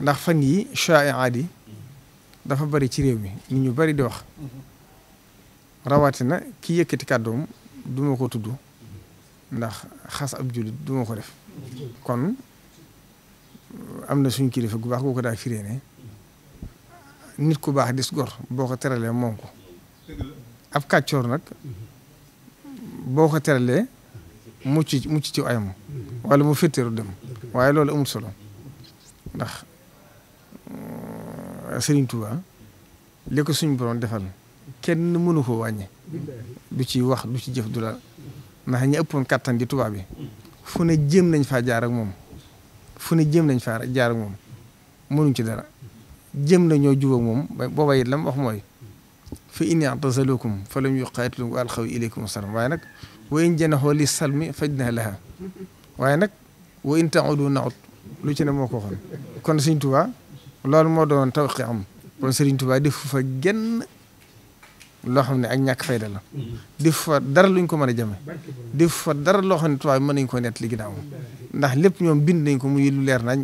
ndax fan yi shaaiaat yi dafa bari ci réew mi nit ñu bari di wax rawatina ki yëkkati kàddoom du ma ko tudd ndax xas ab jullit duma ko def kon am na suñu kilifa gu baax goo ko daa firée ne nit ku baax dis gor boo ko teralee moom ko ab kàccoor nag boo ko teralee mucc mucc ci ayam walla mu fétteeru dem waaye loolu amul solo ndax Euh, Serigne Touba li suñ suñu borom defal kenn mënu ko wàññi. du ci wax du ci jëf dula la ndax ñi ëppoon kattan di Touba bi fu ne jéem nañ faa jaar ak moom fu ne jéem nañ faa jaar moom mënuñ ci dara jéem nañoo jub moom booba it lam wax mooy. fa in i'tazalukum fa lam yuqaatilukum wa alxaw waaye nag wa in janaxoo li salmi fajnaa laha waaye nag wa in taudu naud lu ci ne moo ko kon Sëriñ Tuubaa loolu moo doon tawqi am kon Serigne Touba defu fa genn loo xam ne ak ñàkk fayda la defu fa dara luñ ko mën a jëme defu fa dara loo xam ne tubaab mën nañ ko nett li ginnaaw ndax lépp ñoom bind nañ ko muy lu leer nañ